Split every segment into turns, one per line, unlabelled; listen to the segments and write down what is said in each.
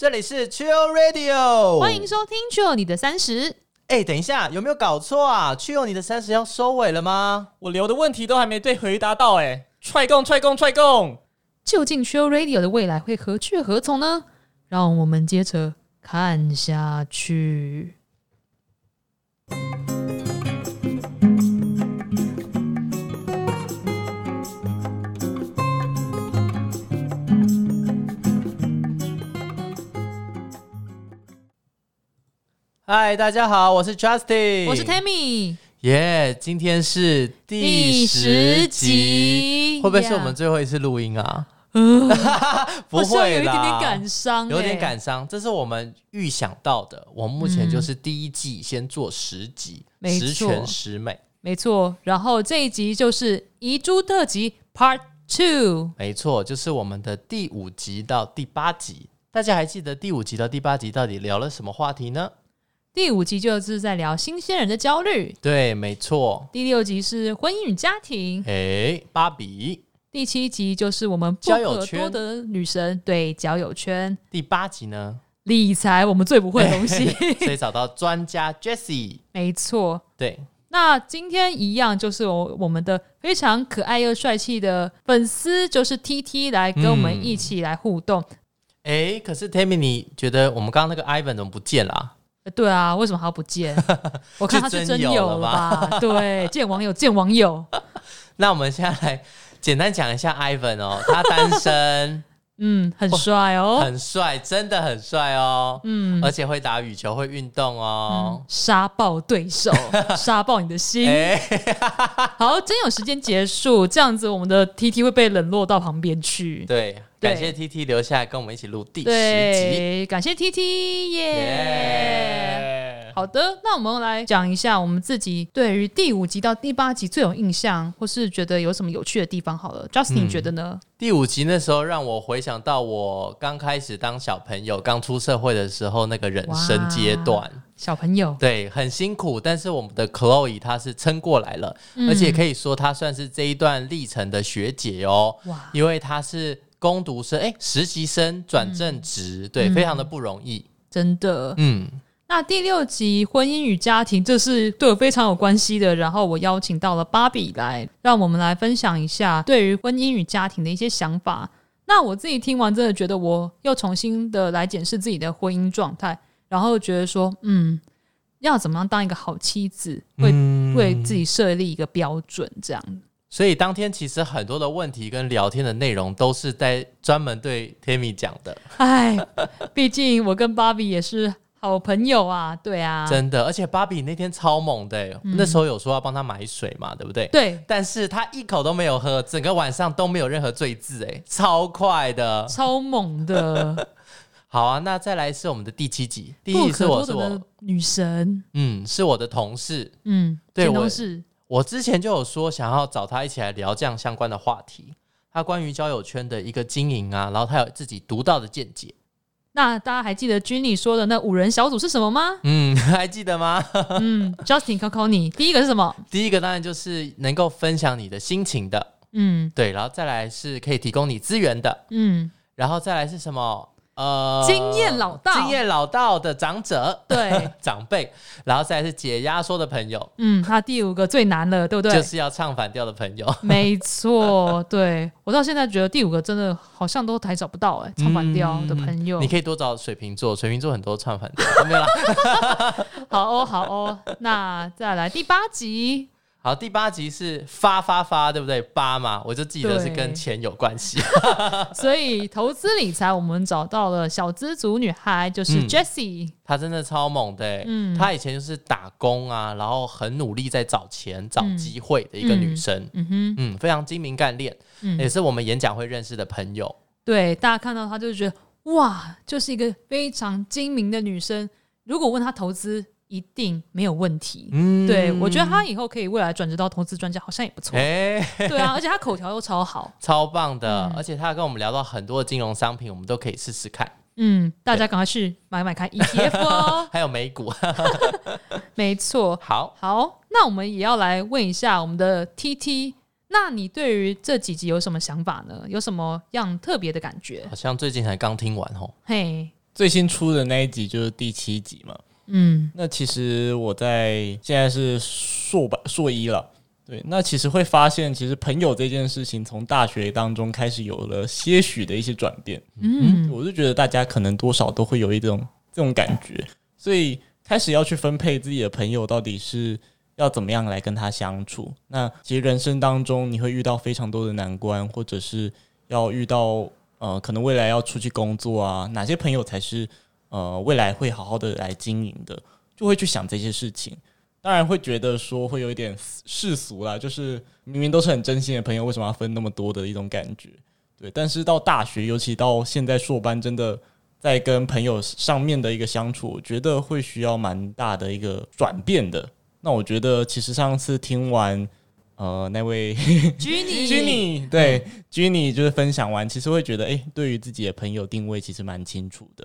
這裡是 Chill Radio，歡迎收聽《Chill 你的三十》。哎，等一下，有沒有搞錯啊？《Chill 你的三十》要收尾了嗎？我留的問題都還沒對回答到
哎！踹共踹共踹共，
究竟 Chill Radio 的未來會何去何從呢？讓我們接着看下去。
嗨，Hi, 大家好，我是 Justin 我是
Tammy，耶
，yeah, 今天是第十集，十集會不會是 Yeah. 我們最後一次錄音啊？Uh,
不會啦，哦、有，一點點有點感傷，有點感
傷，這是我們預想到的。我們目前就是第一季先做十集，嗯、十全十美，
沒錯。然後，這一集就是遺珠特輯 Part Two，
沒錯，就是我們的第五集到第八集。大家還記得第五集到第八集到底聊了什麼話題呢？
第五集就是在聊新鮮人的焦慮，
對，沒錯。
第六集是婚姻與家庭，
哎、欸，芭比。
第七集就是我們不可多得的女神，對，交友圈。第八集呢，理財，我們最不會的東西、欸，所以
找到專家 Jessie，
沒錯，對。那今天一樣就是我我們的非常可愛又帥氣的粉絲，就是 TT 來跟我們一起來互動。哎、
嗯欸，可是 Tammy，你覺得我們剛剛那個 Ivan 怎麼不見了、啊？
對啊，為什麼還好不見？
我看他是真有了吧？
對，見網友，見網友。
那我們現在來簡單講一下 Ivan 哦，他單身。
嗯，很帥哦，哦，
很帥，真的很帥哦。嗯，而且會打羽球，會運動哦，
殺、嗯、爆對手，殺 爆你的心。欸、 好，真有時間結束這樣子，我們的 TT 會被冷落到旁邊去。對，對感謝
TT 留下來跟我們一起錄第十集對，
感謝 TT 耶。耶好的，那我們來講一下我們自己對於第五集到第八集最有印象，或是覺得有什麼有趣的地方。好了，Justin、嗯、你覺得呢？
第五集那時候讓我回想到我剛開始當小朋友、剛出社會的時候那個人生階段。
小朋友
對，很辛苦，但是我們的 Chloe 她是撐過來了，嗯、而且可以說她算是這一段歷程的學姐哦。哇，因為她是工讀生，哎，實習生轉正職，嗯、對，非常的不容易。
真的，嗯。那第六集婚姻與家庭，這是對我非常有關係的。然後我邀請到了芭比來，讓我們來分享一下對於婚姻與家庭的一些想法。那我自己聽完，真的覺得我又重新的來檢視自己的婚姻狀態，然後覺得說，嗯，要怎麼樣當一個好妻子，為、嗯、為自己設立一個標準，這樣。
所以當天其實很多的問題跟聊天的內容都是在專門對 Tammy 講的。
唉，畢竟我跟芭比也是。好朋友啊，對啊，真
的，而且芭比那天超猛的、欸，嗯、那時候有說要幫他買水嘛，對不對？對，但是他一口都沒有喝，整個晚上都沒有任何醉字，誒，超快的，
超猛的。
好啊，那再來是我們的第七集，第七集是我是的
女神，
嗯，是我的同事，嗯，對，我我之前就有說想要找他一起來聊這樣相關的話題，他關於交友圈的一個經營啊，然後他有自己獨到的見解。
那大家還記得 Jenny 說的那五人小組是什麼嗎？嗯，
還記得嗎？ 嗯
，Justin，考考你，第一個是什麼？
第一個當然就是能夠分享你的心情的。嗯，對，然後再來是可以提供你資源的。
嗯，
然後再來是什麼？呃，經驗老道、經驗老道的長者，對長輩，然後再是解壓縮的朋友，
嗯，那第五個最難了，對不對？就是
要唱反調的朋友，沒
錯，對我到現在覺得第五個真的好像都還找不到哎、欸，唱反調的朋友、嗯，你可
以多找水瓶座，水瓶座很多唱反調， 沒有啦
好哦，好哦，那再來第八集。
好，第八集是發發發，對不對？八嘛，我就記得是跟錢有關係。
對 所以投資理財，我們找到了小資族女孩，就是 Jessie，嗯。
她真的超猛的，欸。嗯，她以前就是打工啊，然後很努力在找錢、找機會的一個女生。嗯，嗯，嗯哼，嗯，非常精明幹練，也是我們演講會認識的朋友。嗯，
對，大家看到她就覺得哇，就是一個非常精明的女生。如果問她投資。一定沒有問題，嗯、對我覺得他以後可以未來轉職到投資專家，好像也不錯。哎、欸，對啊，而且他口條又超好，
超棒的。嗯、而且他跟我們聊到很多的金融商品，我們都可以試試看。
嗯，對大家趕快去買買看 ETF 哦，
還有美股。
沒錯錯，好好，那我們也要來問一下我們的 TT，那你對於這幾集有什麼想法呢？有什麼樣特別的感覺？好
像最近才剛聽完哦，嘿，最新出的那一集就是第七集嘛。嗯，那其實我在現在是碩吧，碩一了，對，那其實會發現，其實朋友這件事情從大學當中開始有了些許的一些轉變。嗯，嗯，我就覺得大家可能多少都會有一種這種感覺，所以開始要去分配自己的朋友，到底是要怎麼樣來跟他相處。那其實人生當中你會遇到非常多的難關，或者是要遇到呃，可能未來要出去工作啊，哪些朋友才是？呃，未來會好好的來經營的，就會去想這些事情。當然會覺得說會有一點世俗啦，就是明明都是很真心的朋友，為什麼要分那麼多的一種感覺？對，但是到大學，尤其到現在碩班，真的在跟朋友上面的一個相處，我覺得會需要蠻大的一個轉變的。那我覺得其實上次聽完呃那位 Jenny，Jenny 對 Jenny，嗯、就是分享完，其實會覺得誒，對於自己的朋友定位其實蠻清楚
的。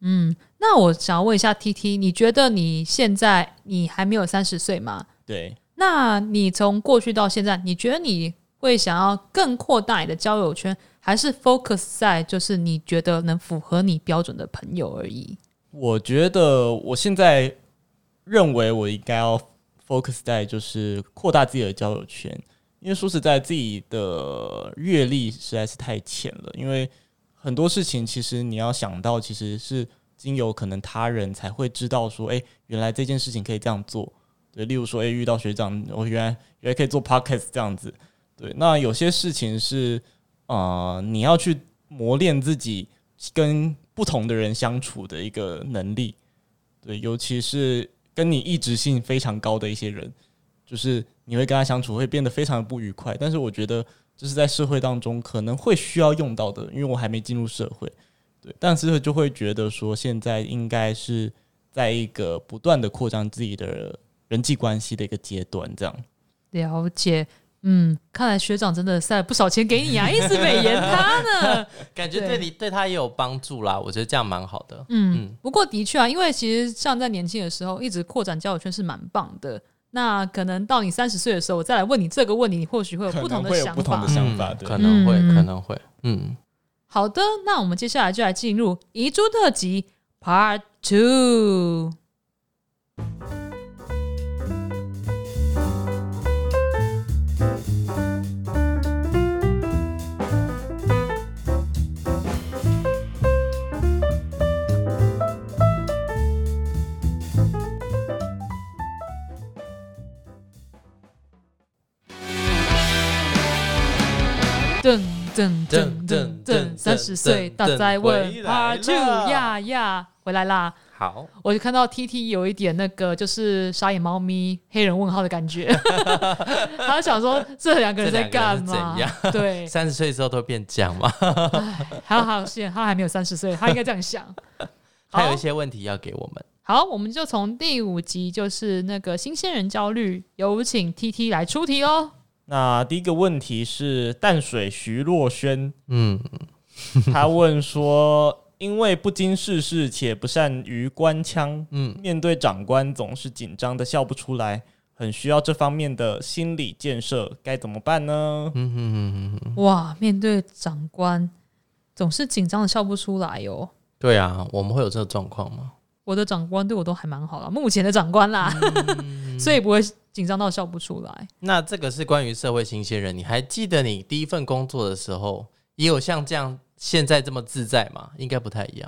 嗯，那我想問一下 TT，你覺得你現在你還沒有三十歲嗎？對，那你從過去到現在，你覺得你會想要更擴大你的交友圈，還是 focus 在就是你覺得能符合你標準的朋友而已？
我覺得我現在認為我應該要 focus 在就是擴大自己的交友圈，因為說實在，自己的閱歷實在是太淺了，因為，很多事情其實你要想到，其實是經由可能他人才會知道說，哎、欸，原來這件事情可以這樣做。對，例如說，哎、欸，遇到學長，我原來原來可以做 podcast 這樣子。對，那有些事情是啊、呃，你要去磨練自己跟不同的人相處的一個能力。對，尤其是跟你異質性非常高的一些人，就是你會跟他相處會變得非常的不愉快。但是我覺得。就是在社會當中可能會需要用到的，因為我還沒進入社會，對，但是就會覺得說現在應該是在一個不斷的擴張自己的人際關係的一個階段，這樣
了解，嗯，看來學長真的塞了不少錢給你啊， 一直美言他呢，
感覺對你對，對他也有幫助啦，我覺得這樣蠻好的，
嗯，不過的確啊，因為其實像在年輕的時候一直擴展交友圈是蠻棒的。那可能到你三十歲的時候，我再來問你這個問題，你或許會有不同的想法，可能會，可能會，嗯，可
能會，嗯，
好的，那我們接下來就來進入遺珠特輯 Part Two。正正正正正三十歲、嗯嗯嗯、大哉問 Part Two 呀回來啦！好，我就看到 TT 有一點那個，就是傻眼貓咪黑人問號的感覺， 他想說這兩個人在幹嘛？這樣對，
三十歲之後都變這樣嗎 ？
好好，他還沒有三十歲，他應該這樣想。還有一
些問題要給我們，
好，我們就從第五集就是那個新鮮人焦慮，有請 TT 來出題哦。
那第一個問題是淡水徐若瑄，嗯， 他問說，因為不經世事且不善於官腔，嗯，面對長官總是緊張得笑不出來，很需要這方面的心理建設，該怎麼辦呢？嗯嗯嗯
嗯，哇，面對長官總是緊張得笑不出來喲、
哦。
對啊，我們會有這個狀況嗎？
我的長官對我都還蠻好啦，目前的長官啦，嗯、 所以不會。緊張到笑不出來。
那這個是關於社會新鮮人。你還記得你第一份工作的時候，也有像這樣現在這麼自在嗎？應該不太一樣。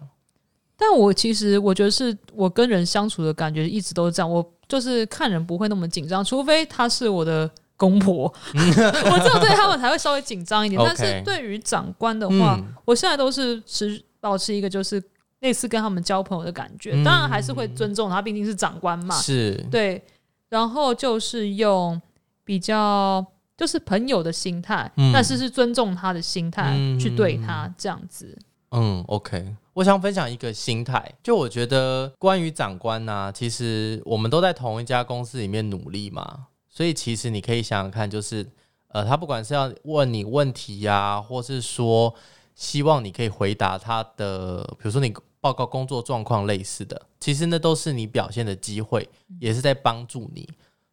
但我其實我覺得，是我跟人相處的感覺一直都是這樣。我就是看人不會那麼緊張，除非他是我的公婆。 我知道對他們才會稍微緊張一點。 Okay. 但是對於長官的話，嗯、我現在都是持保持一個就是類似跟他們交朋友的感覺。嗯、當然還是會尊重他，畢竟是長官嘛。是對。然後就是用比較就是朋友的心態，嗯、但是是尊重他的心態、嗯、去對他，嗯、這樣子。
嗯，OK，
我想分享一
個心態，就我覺得關於長官吶、啊，其實我們都在同一家公司裡面努力嘛，所以其實你可以想想看，就是呃，他不管是要問你問題呀、啊，或是說希望你可以回答他的，比如說你。報告工作狀況類似的，其實那都是你表現的機會，也是在幫助你。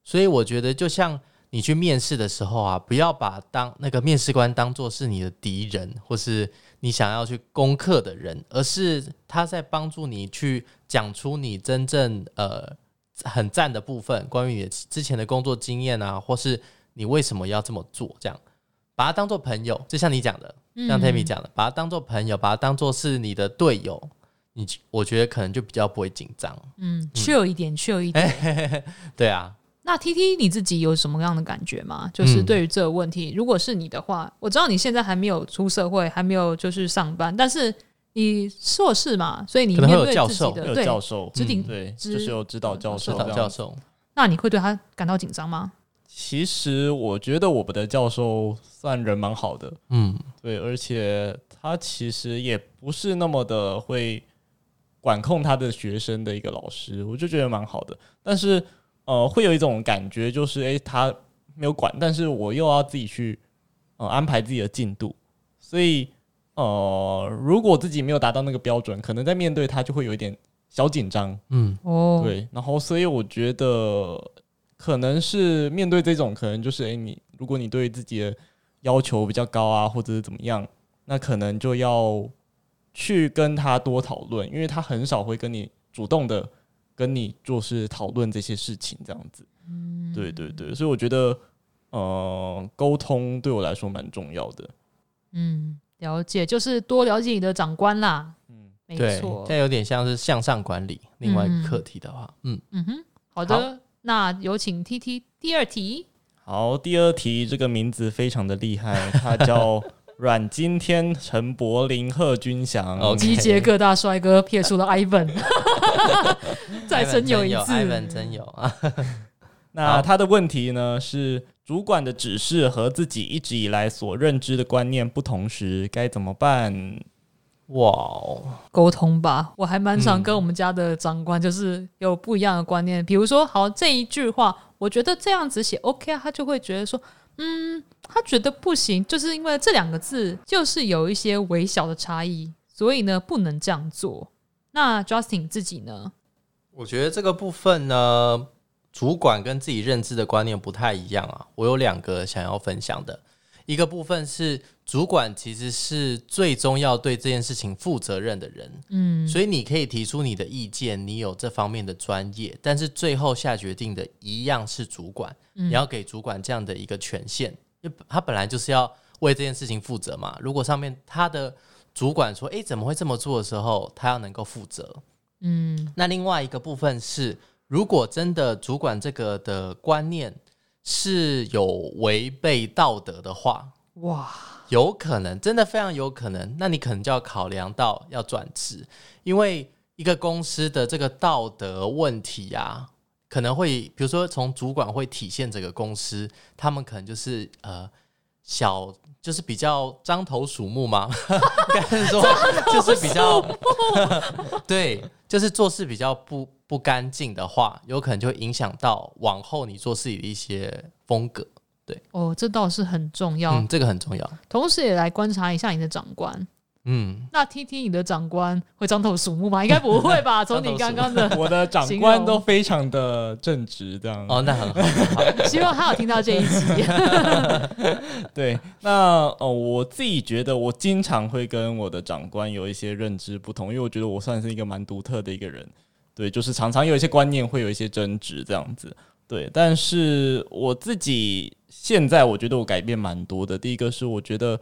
所以我覺得，就像你去面試的時候啊，不要把當那個面試官當做是你的敵人，或是你想要去攻克的人，而是他在幫助你去講出你真正呃很讚的部分。關於你之前的工作經驗啊，或是你為什麼要這麼做，這樣把它當做朋友。就像你講的，嗯、像 t 米講的，把它當做朋友，把它當做是你的隊友。你我覺得可能就比較不會緊張，嗯，缺
有、嗯、一點，缺有一點、欸嘿嘿，對啊。那 TT 你自己有什麼樣的感覺嗎？就是對於這個問題，嗯、如果是你的話，我知道你現在還沒有出社會，還沒有就是上班，但是你碩士嘛，所以你面對自己的教授對，對，就是有
指導教授，指導教授。
那你會對他感到緊張嗎？
其實我覺得我們的教授算人蠻好的，嗯，對，而且他其實也不是那麼的會。管控他的學生的一個老師，我就覺得蠻好的。但是，呃，會有一種感覺，就是欸，他沒有管，但是我又要自己去呃安排自己的進度。所以，呃，如果自己沒有達到那個標準，可能在面對他就會有一點小緊張。嗯，哦，對。然後，所以我覺得可能是面對這種，可能就是欸，你如果你對自己的要求比較高啊，或者怎麼樣，那可能就要。去跟他多討論，因為他很少會跟你主動的跟你就是討論這些事情，這樣子。嗯、對對對，所以我覺得呃，溝通對我來說蠻重要的。嗯，
了解，就是多了解你的長官啦。嗯，沒錯，現在
有點像是向上管理、嗯、另外一個課題的話。嗯嗯
哼，好的，好，那有請 T T 第二題。
好，第二題這個名字非常的厲害，它叫。 阮經天、陳柏霖、賀軍翔集結各
大帥哥，撇出了 Ivan， 再生有一次，真有啊！
有 那他的問題呢是：主管的指示和自己一直以來所認知的觀念不同時，該怎麼辦？哇、wow.，溝通吧！
我還蠻常跟我們家的長官，就是有不一樣的觀念，嗯、比如說，好這一句話，我覺得這樣子寫 OK 啊，他就會覺得說。嗯，他覺得不行，就是因為這兩個字就是有一些微小的差異，所以呢不能這樣做。那 Justin 自己呢？
我覺得這個部分呢，主管跟自己認知的觀念不太一樣啊，我有兩個想要分享的。一個部分是主管，其實是最終要對這件事情負責任的人，嗯，所以你可以提出你的意見，你有這方面的專業，但是最後下決定的一樣是主管，嗯，你要給主管這樣的一個權限，因為他本來就是要為這件事情負責嘛。如果上面他的主管說“誒、欸，怎麼會這麼做的時候”，他要能夠負責，
嗯。
那另外一個部分是，如果真的主管這個的觀念，是有違背道德的話，哇，有可能，真的非常有可能。那你可能就要考量到要轉職，因為一個公司的這個道德問題啊，可能會，比如說從主管會體現這個公司，他們可能就是呃，小就是比較獐頭鼠目嘛， 說就是比較 對，就是做事比較不。不乾淨的話，有可能就會影響到往後你做事的一些風格。對
哦，這倒是很重要。嗯，這個很重要。同時，也來觀察一下你的長官。嗯，那聽聽你的長官會獐頭鼠目嗎？應該不會吧？從你剛剛的， 容我的長官都
非常的正直。這樣哦，那很好。好 希望他有
聽到這一集。 對，那
哦，我自己覺得我經常會跟我的長官有一些認知不同，因為我覺得我算是一個蠻獨特的一個人。對，就是常常有一些觀念會有一些爭執這樣子。對，但是我自己現在我覺得我改變蠻多的。第一個是我覺得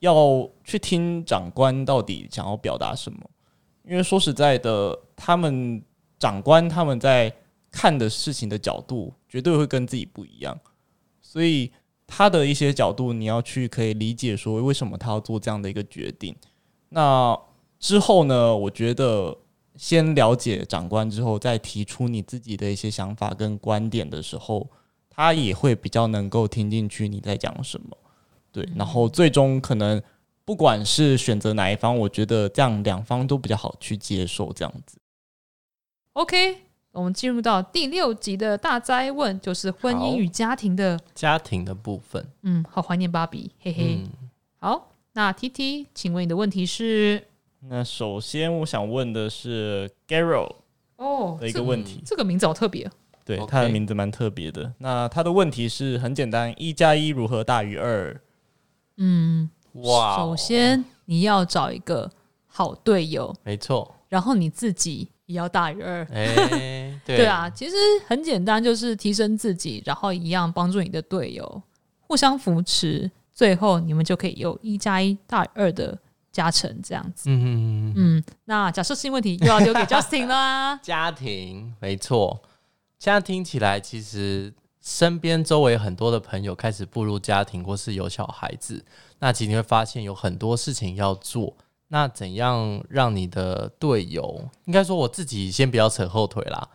要去聽長官到底想要表達什麼，因為說實在的，他們長官他們在看的事情的角度絕對會跟自己不一樣，所以他的一些角度你要去可以理解說為什麼他要做這樣的一個決定。那之後呢，我覺得。先了解長官之後，再提出你自己的一些想法跟觀點的時候，他也會比較能夠聽進去你在講什麼，對。然後最終可能不管是選擇哪一方，我覺得這樣兩方都比較好去接受，這樣子。
OK，我們進入到第六集的大哉問，就是婚姻與家庭的，
家庭的部分。
嗯，好懷念芭比，嘿嘿。嗯、好，那 TT，請問你的問題是？
那首先我想問的是 Garrow 哦的一個問題、哦這個，
這個名字好特別、啊。
對，Okay. 他的名字蠻特別的。那他的問題是很簡單：一加一如何大於二？
嗯，
哇 Wow！首
先你要找一個好隊友，沒錯。然後你自己也要大於二。哎、對， 對啊，其實很簡單，就是提升自己，然後一樣幫助你的隊友，互相扶持，最後你們就可以有一加一大於二的。加成，這樣子，嗯嗯嗯。那假設性問題又要留給 Justin 了啊。 家庭
沒錯，現在聽起來其實身邊周圍很多的朋友開始步入家庭或是有小孩子，那其實你會發現有很多事情要做。那怎樣讓你的隊友，應該說我自己先不要扯後腿啦。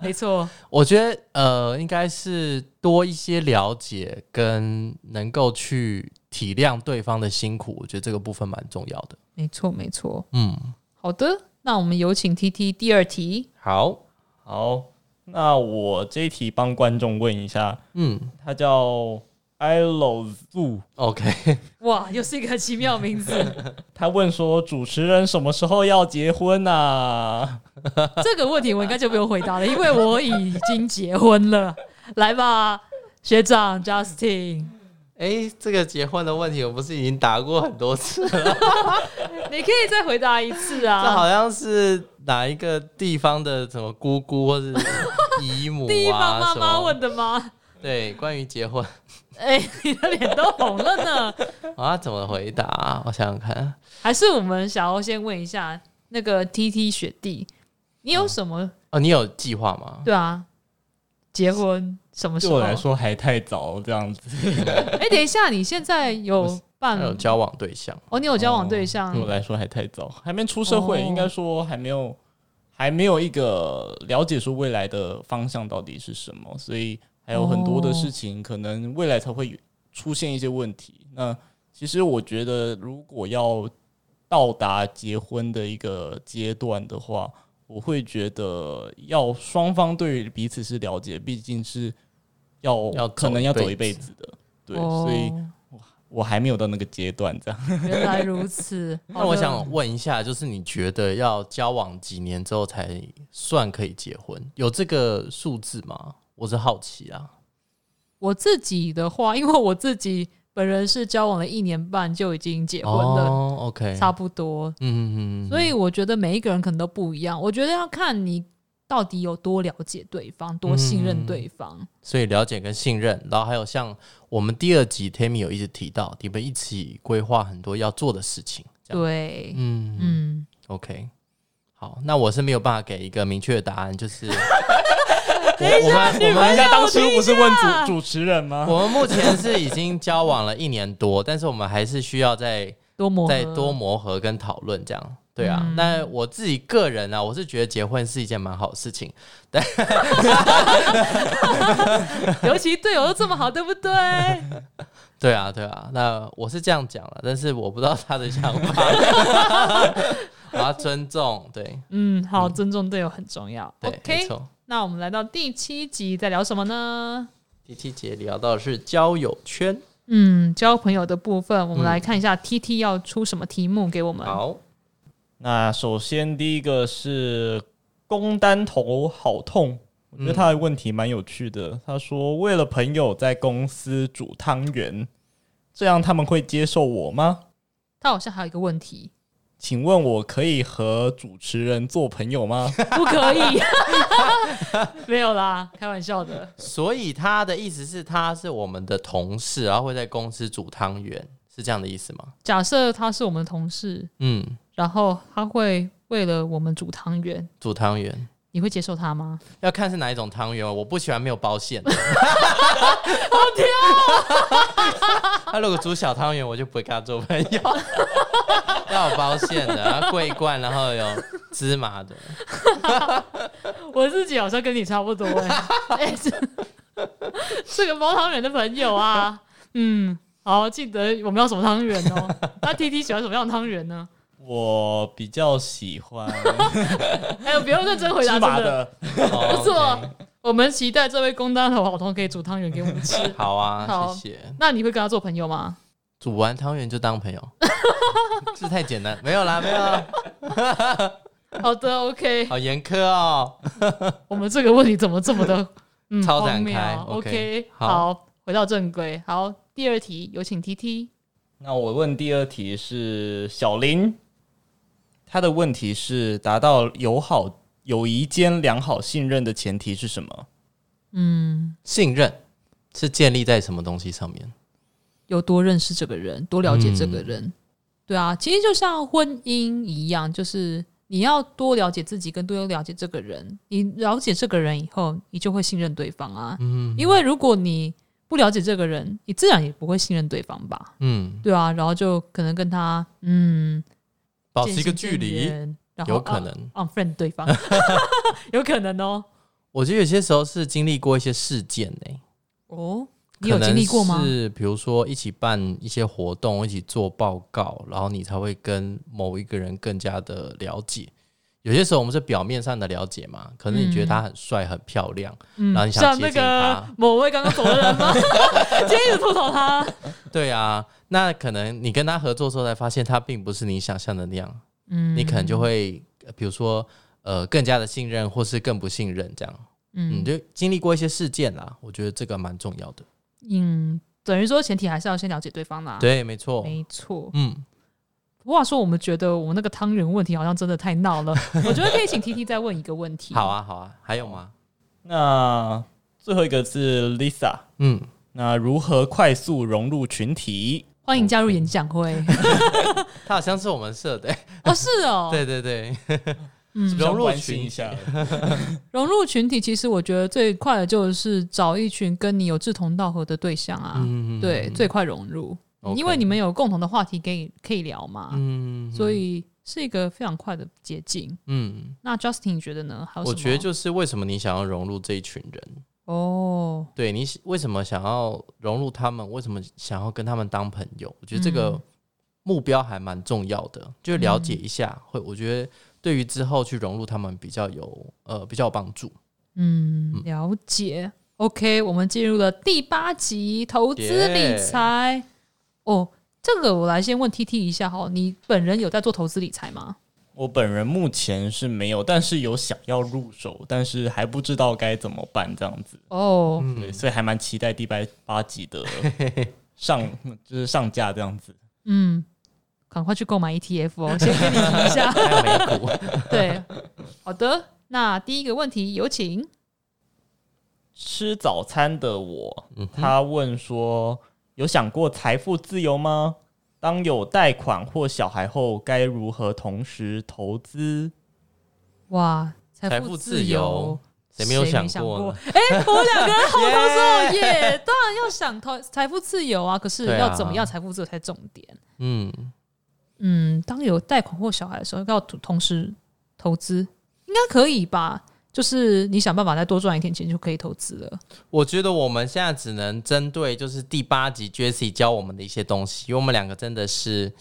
沒錯。
我覺得呃，應該是多一些了解，跟能夠去。體諒對方的辛苦，我覺得這個部分蠻重要的。
沒錯，沒錯。嗯，好的，那我們有請 TT 第二題。
好好，那我這一題幫觀眾問一下，嗯，他叫 I love you。OK，
哇，又是一個奇妙名字。
他問說，主持人什麼時候要結婚啊？這個
問題我應該就沒有回答了， 因為我已經結婚了。來吧，學長 Justin。哎、欸，
這個結婚的問題，我不是已經答過很多次了？
你可以再回答一次啊！ 這好
像是哪一個地方的什麼姑姑或是姨母啊？地方媽媽問的嗎？對，關於結婚。
哎、欸，你的臉都紅了
呢！ 啊，怎麼回答啊？我想想看。
還是我們想要先問一下那個 T T 學弟，你有什麼嗯？
哦，你有計劃嗎？對
啊，結婚。對我來說
還太早這樣子。
哎、欸，等一下，你現在有伴侶，有
交往對象？
哦，你有交往對象。對、哦、我
來說還太早，
還沒出社會，應該
說還沒有，哦、還沒有一個了解說未來的方向到底是什麼，所以還有很多的事情，可能未來才會有出現一些問題。哦、那其實我覺得，如果要到達結婚的一個階段的話，我會覺得要雙方對彼此是了解，畢竟是。要要可能要走一輩子的，對，哦，所以我我還沒有到那個階段，這樣。原來如此。那 我想問一下，就是你
覺得要交往幾年之後才算可以結婚？有這個數字嗎？我是好奇啊。
我自己的話，因為我自己本人是交往了一年半就已經結婚了，OK，差不多。哦 okay，嗯哼嗯哼。所以我覺得每一個人可能都不一樣，我覺得要看你。到底有多了解對方，多信任對方？嗯，
所以了解跟信任，然後還有像我們第二集 Tammy 有一直提到，你們一起規劃很多要做的事情。對，
嗯
嗯，OK，好，那我是沒有辦法給一個明確的答案，就是我們 下我們，你們，我們等一下，當初不是問主主
持人嗎？我們目前是已
經交往了一年多， 但是我們還是需要再多磨再多磨合跟討論這樣。對啊，那、嗯、我自己個人呢、啊，我是覺得結婚是一件蠻好的事情，對，
尤其隊友都這麼好，對不對？
對啊，對啊，那我是這樣講了，但是我不知道他的想法， 我要尊重，對，
嗯，好，尊重隊友很重要，對，OK，沒錯。那我們來到第七集，在聊什麼呢？
第七集聊到的是交友圈，
嗯，交友朋友的部分，我們來看一下 TT 要出什麼題目給我們，嗯、好。
那首先第一個是工單頭好痛，嗯、我覺得他的問題蠻有趣的。他說為了朋友在公司煮湯圓，這樣他們會接受我嗎？
他好像還有一個問題，
請問我可以和主持人做朋友嗎？ 不可以，
沒有啦，開玩笑的。
所以他的意思是他是我們的同事，然後會在公司煮湯圓，是這樣的意思嗎？
假設他是我們的同事，嗯。然後他會為了我們煮湯圓，
煮湯圓，
你會接受他嗎？
要看是哪一種湯圓哦，我不喜歡沒有包餡的。我天。他如果煮小湯圓，我就不會跟他做朋友。 要有包餡的，桂冠，然後有芝麻的。
我的自己好像跟你差不多。欸、 是個包湯圓的朋友啊，嗯，好，記得我們要什麼湯圓哦。那 TT 喜歡什麼樣的湯圓呢？
我比較喜歡，
哎呦，不用認真回答，真的，不錯。我們期待這位工單的好朋友可以煮湯圓給我們吃。好啊，謝謝。那你會跟他做朋友嗎？
煮完湯圓就當朋友，這太簡單。沒有啦，沒有。
好的，OK。好嚴苛哦，我們這個問題怎麼這麼的超展開？OK，好，回到正規。好，第二題，有請 TT。
那我問第二題是小林。他的問題是達到友好、友誼間良好信任的前提是什麼？
嗯，
信任是建立在什麼東西上面？
有多認識這個人，多了解這個人，嗯，對啊，其實就像婚姻一樣，就是你要多了解自己，跟多了解這個人。你了解這個人以後，你就會信任對方啊。嗯，因為如果你不了解這個人，你自然也不會信任對方吧？嗯，對啊，然後就可能跟他嗯。
保持一個距離，啊、有可能 unfriend 對方，
有可能哦。
我覺得有些時候是經歷過一些事件呢、欸。哦，
你有經歷過嗎？是
比如說一起辦一些活動，一起做報告，然後你才會跟某一個人更加的了解。有些時候我們是表面上的了解嘛，可能你覺得他很帥、很漂亮，嗯、然後你想接近他。那
個某位剛剛否認嗎？今天一直吐槽他。
對啊那可能你跟他合作之後才發現他並不是你想象的那樣，
嗯，你可能就
會，比如說，呃，更加的信任或是更不信任這樣，嗯，你、嗯、就經歷過一些事件啦，我覺得這個蠻重要的，
嗯，等於說前提還是要先了解對方啦。對，沒
錯，沒錯，
嗯。話說我們覺得我們那個湯圓問題好像真的太鬧了， 我覺得可以請 T T 再問一個問題。 好啊，好
啊，還有嗎？那最後一個是 Lisa，嗯，那如何快速融入群體？
歡迎加入演講會，Okay.
他好像是我們社的、欸、哦，是哦， 對對
對，
融入群體其實我覺得最快的就是找一群跟你有志同道合的對象啊，嗯、哼哼對，最快融入，Okay. 因為你們有共同的話題可以可以聊嘛，嗯哼
哼，所
以是一個非常快的捷徑，嗯。那 Justin 你覺得呢？還有我覺得
就是為什麼你想要融入這一群人？哦，oh, 對，你為什麼想要融入他們？為什麼想要跟他們當朋友？我覺得這個目標還蠻重要的，嗯、就了解一下，會我覺得對於之後去融入他們比較有呃比較有幫助。嗯，
了解。嗯、OK，我們進入了第八集，投資理財。哦，Yeah. oh, 這個我來先問 TT 一下哈，你本人有在做投資理財嗎？
我本人目前是沒有，但是有想要入手，但是還不知道該怎麼辦這樣子哦，oh, 嗯、對，所以還蠻期待第八八集的上。上 就是上架這樣子。
嗯，趕快去購買 ETF 哦，先給你一下。 對，好的，那第一個問題有請
吃早餐的我，嗯、哼他問說：有想過財富自由嗎？當有貸款或小孩後，該如何同時投
資？哇，財富自由誰沒有想過？哎、 欸，我兩個人好好做，耶，Yeah! yeah! 當然要想投財富自由啊，可是要怎麼樣財富自由才重點？啊、嗯嗯，當有貸款或小孩的時候，要同時投資，應該可以吧？就是你想辦法再多賺一點錢就可以投資了。
我覺得我們現在只能針對就是第八集 Jessie 教我們的一些東西，因為我們兩個真的是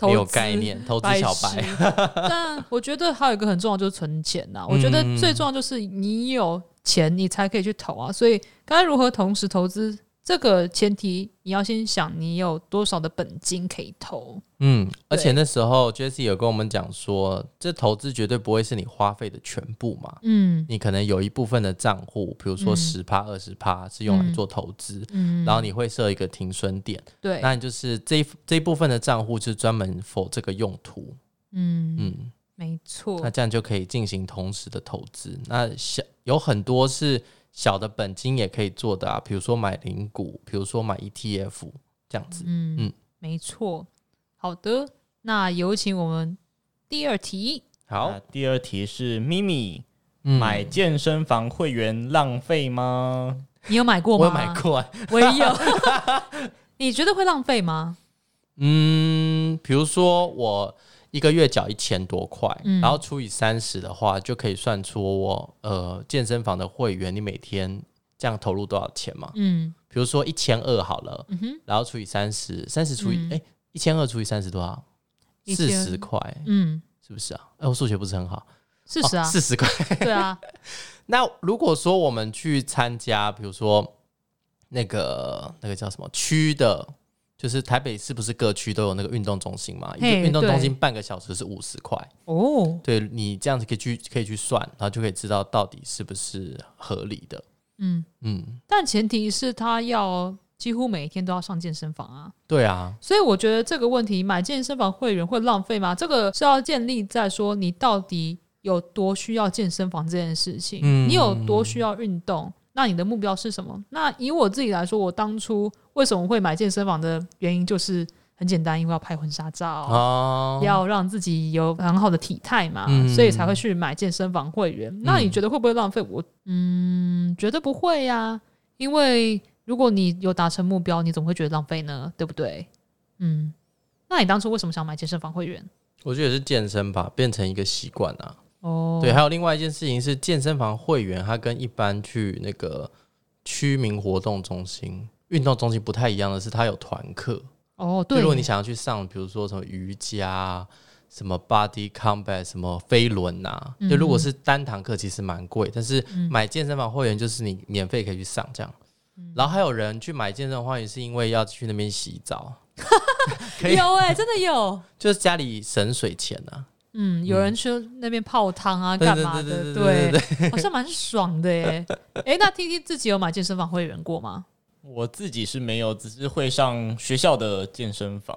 沒有概念，投資資小白。白石
但我覺得還有一個很重要就是存錢吶、啊。嗯、我覺得最重要就是你有錢你才可以去投啊。所以，該如何同時投資？這個前提你要先想，你有多少的本金可以投？嗯，對而且
那時候 Jesse 有跟我們講說，這投資絕對不會是你花費的全部嘛。嗯，你可能有一部分的賬戶，比如說十趴、二十趴是用來做投資，嗯、然後你會設一個停損點。對、嗯，那你就是這這一部分的賬戶是專門 for 這個用途。嗯嗯，
嗯沒錯。那
這樣就可以進行同時的投資。那像有很多是。小的本金也可以做的啊，比如說買零股，比如說買 ETF 這樣子。嗯
嗯，嗯沒錯，好的，那有請我們第二題。好，
第二題是咪咪、嗯，買健身房會員浪費嗎？你有買過嗎？我有買過、啊，
我也有。 你覺得會浪費嗎？
嗯，比如說我。一個月繳一千多塊，嗯、然後除以三十的話，就可以算出我呃，健身房的會員，你每天這樣投入多少錢嘛？嗯，比如說一千二好了，嗯、哼然後除以三十，三十除以哎，一千二除以三十多少？四十塊，嗯，是不是啊？哎，我數學不是很好，四十啊，四十、哦、塊， 對啊。那如果說我們去參加，比如說那個那個叫什麼區的。就是台北是不是各區都有那個運動中心嘛？運嘿動中心半個小時是五十塊哦。對，對你這樣子可以去可以去算，然後就可以知道到底是不是合理的。嗯嗯，嗯
但前提是他要幾乎每一天都要上健身房啊。對啊，所以我覺得這個問題買健身房會員會浪費嗎？這個是要建立在說你到底有多需要健身房這件事情，嗯、你有多需要運動。嗯那你的目標是什麼？那以我自己來說，我當初為什麼會買健身房的原因，就是很簡單，因為要拍婚紗照，Oh. 要讓自己有很好的體態嘛，嗯、所以才會去買健身房會員。那你覺得會不會浪費？我嗯，嗯，絕對不會呀、啊，因為如果你有達成目標，你怎麼會覺得浪費呢？對不對？嗯，那你當初為什麼想買健身房會員？
我覺得也是健身吧，變成一個習慣啊。哦，oh. 對，還有另外一件事情是健身房會員，他跟一般去那個區民活動中心、運動中心不太一樣的是團，他有團課。
哦，對，如果你
想要去上，比如說什麼瑜伽，啊、什麼 Body Combat、什麼飛輪啊，mm hmm. 就如果是單堂課其實蠻貴，但是買健身房會員就是你免費可以去上這樣。Mm hmm. 然後還有人去買健身房也是因為要去那邊洗澡，
以 有哎，真的有，
就是家裡省水錢呢、啊。
嗯，有人去那邊泡湯啊，幹、嗯、嘛的？對，好像蠻爽的誒、 欸。那 TT 自己有買健身房會員過嗎？
我自己是沒有，只是會上學校的健身房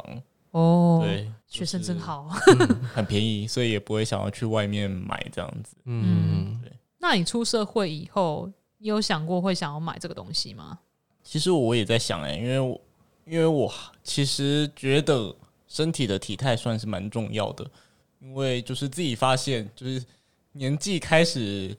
哦。對，就是、學生真好，
很便宜，所以也不會想要去外面買這樣子。嗯，
對那你出社會以後，你有想過會想要買這個東西嗎？
其實我也在想誒，因為我因為我其實覺得身體的體態算是蠻重要的。因為就是自己發現，就是年紀開始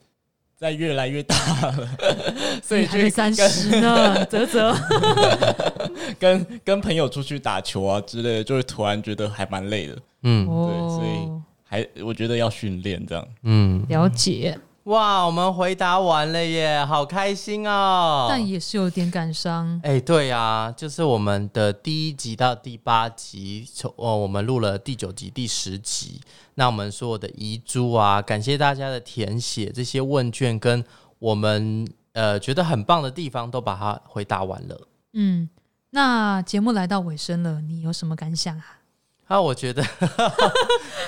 在越來越大了， 所以還是三十呢，嘖嘖， 跟跟朋友出去打球啊之類的，就會突然覺得還蠻累的，嗯，對，所以還我覺得要訓練這樣，
嗯，了
解。哇，我們回答完了耶，好開心哦！但
也是有點感傷。哎、
欸，對呀、啊，就是我們的第一集到第八集，從、呃、我們錄了第九集、第十集。那我們所有的遺珠啊，感謝大家的填寫這些問卷，跟我們呃覺得很棒的地方，都把它回答完了。
嗯，那節目來到尾聲了，你有什麼感想啊？
啊，我覺得呵呵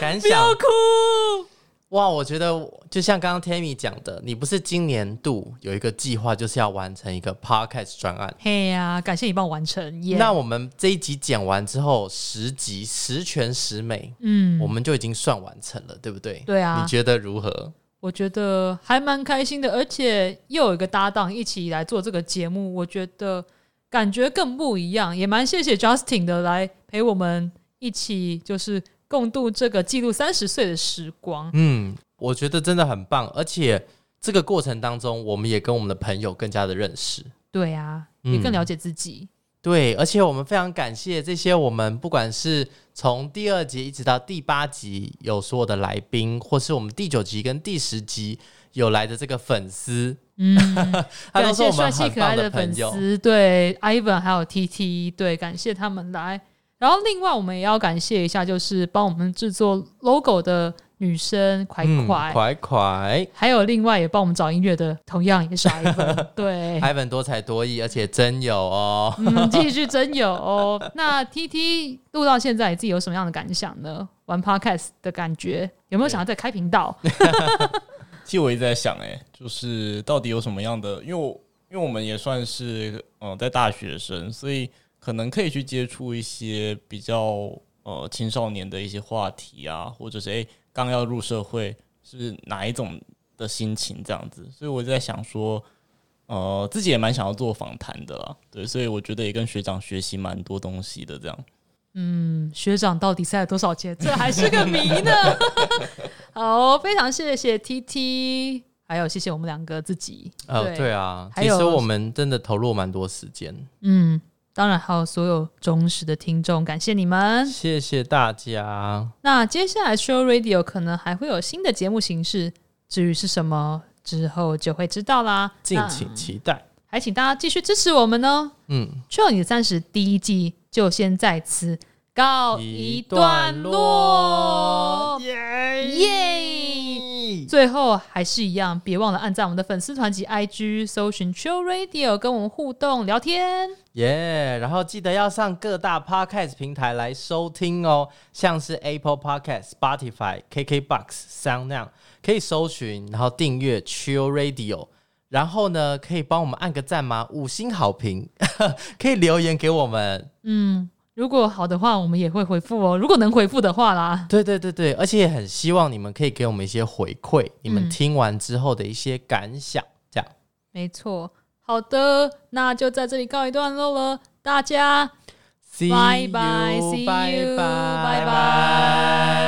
感想 不要哭。哇，我覺得就像剛剛 Tammy 講的，你不是今年度有一個計劃，就是要完成一個 Podcast 專案。
嘿呀、啊，感謝你幫我完成。Yeah. 那我
們這一集講完之後，十集十全十美，嗯，我們就已經算完成了，對不對？對啊。你覺得如何？
我覺得還蠻開心的，而且又有一個搭檔一起來做這個節目，我覺得感覺更不一樣，也蠻謝謝 Justin 的來陪我們一起，就是。共度這個記錄三十歲的時光，嗯，
我覺得真的很棒，而且這個過程當中，我們也跟我們的朋友更加的認識，
對呀、啊，也、嗯、更了解自己，
對，而且我們非常感謝這些，我們不管是從第二集一直到第八集有所有的來賓，或是我們第九集跟第十集有來的這個粉絲，嗯， 都是我們、嗯、帥氣可愛的粉絲，
對，Ivan 還有 TT，對，感謝他們來。然後，另外我們也要感謝一下，就是幫我們製作 logo 的女生快快，快快、
嗯，乖乖
還有另外也幫我們找音樂的，同樣也是艾文 對，艾
文多才多藝，而且真有哦，嗯，繼
續真有哦。 那 T T 錄到現在自己有什麼樣的感想呢？玩 podcast 的感覺，有沒有想要再開頻道？對
其實我一直在想、欸，哎，就是到底有什麼樣的，因為我因為我們也算是嗯、呃、在大學生，所以。可能可以去接觸一些比較呃青少年的一些話題啊，或者是哎剛、欸、要入社會是哪一種的心情這樣子，所以我在想說，呃，自己也蠻想要做訪談的啦，對，所以我覺得也跟學長學習蠻多東西的這樣。
嗯，學長到底塞了多少錢？這還是個謎呢。 好，非常謝謝 TT，還有謝謝我們兩個自己。呃，對啊，其實我
們真的投入蠻多時間。
嗯。當然，還有所有忠實的聽眾，感謝你們，
謝謝大家。
那接下來，Chill Radio 可能還會有新的節目形式，至於是什麼，之後就會知道啦，敬請期待。還請大家繼續支持我們呢、哦。嗯，Chill 你的三十第一季就先在此告一段落，耶。Yeah! Yeah! 最後還是一樣，別忘了按讚我們的粉絲團及 IG 搜尋 Chill Radio，跟我們互動聊天。
耶！Yeah, 然後記得要上各大 Podcast 平台來收聽哦，像是 Apple Podcast、Spotify、KKBox、Sound Now，可以搜尋，然後訂閱 Chill Radio。然後呢，可以幫我們按個讚嗎？五星好評， 可以留言給我們。
嗯。如果好的話，我們也會回復哦。如果能回復的話啦，
對對對對，而且很希望你們可以給我們一些回饋，嗯、你們聽完之後的一些感想，這樣
沒錯。好的，那就在這裡告一段落了，大家，bye bye，bye bye，bye bye。Bye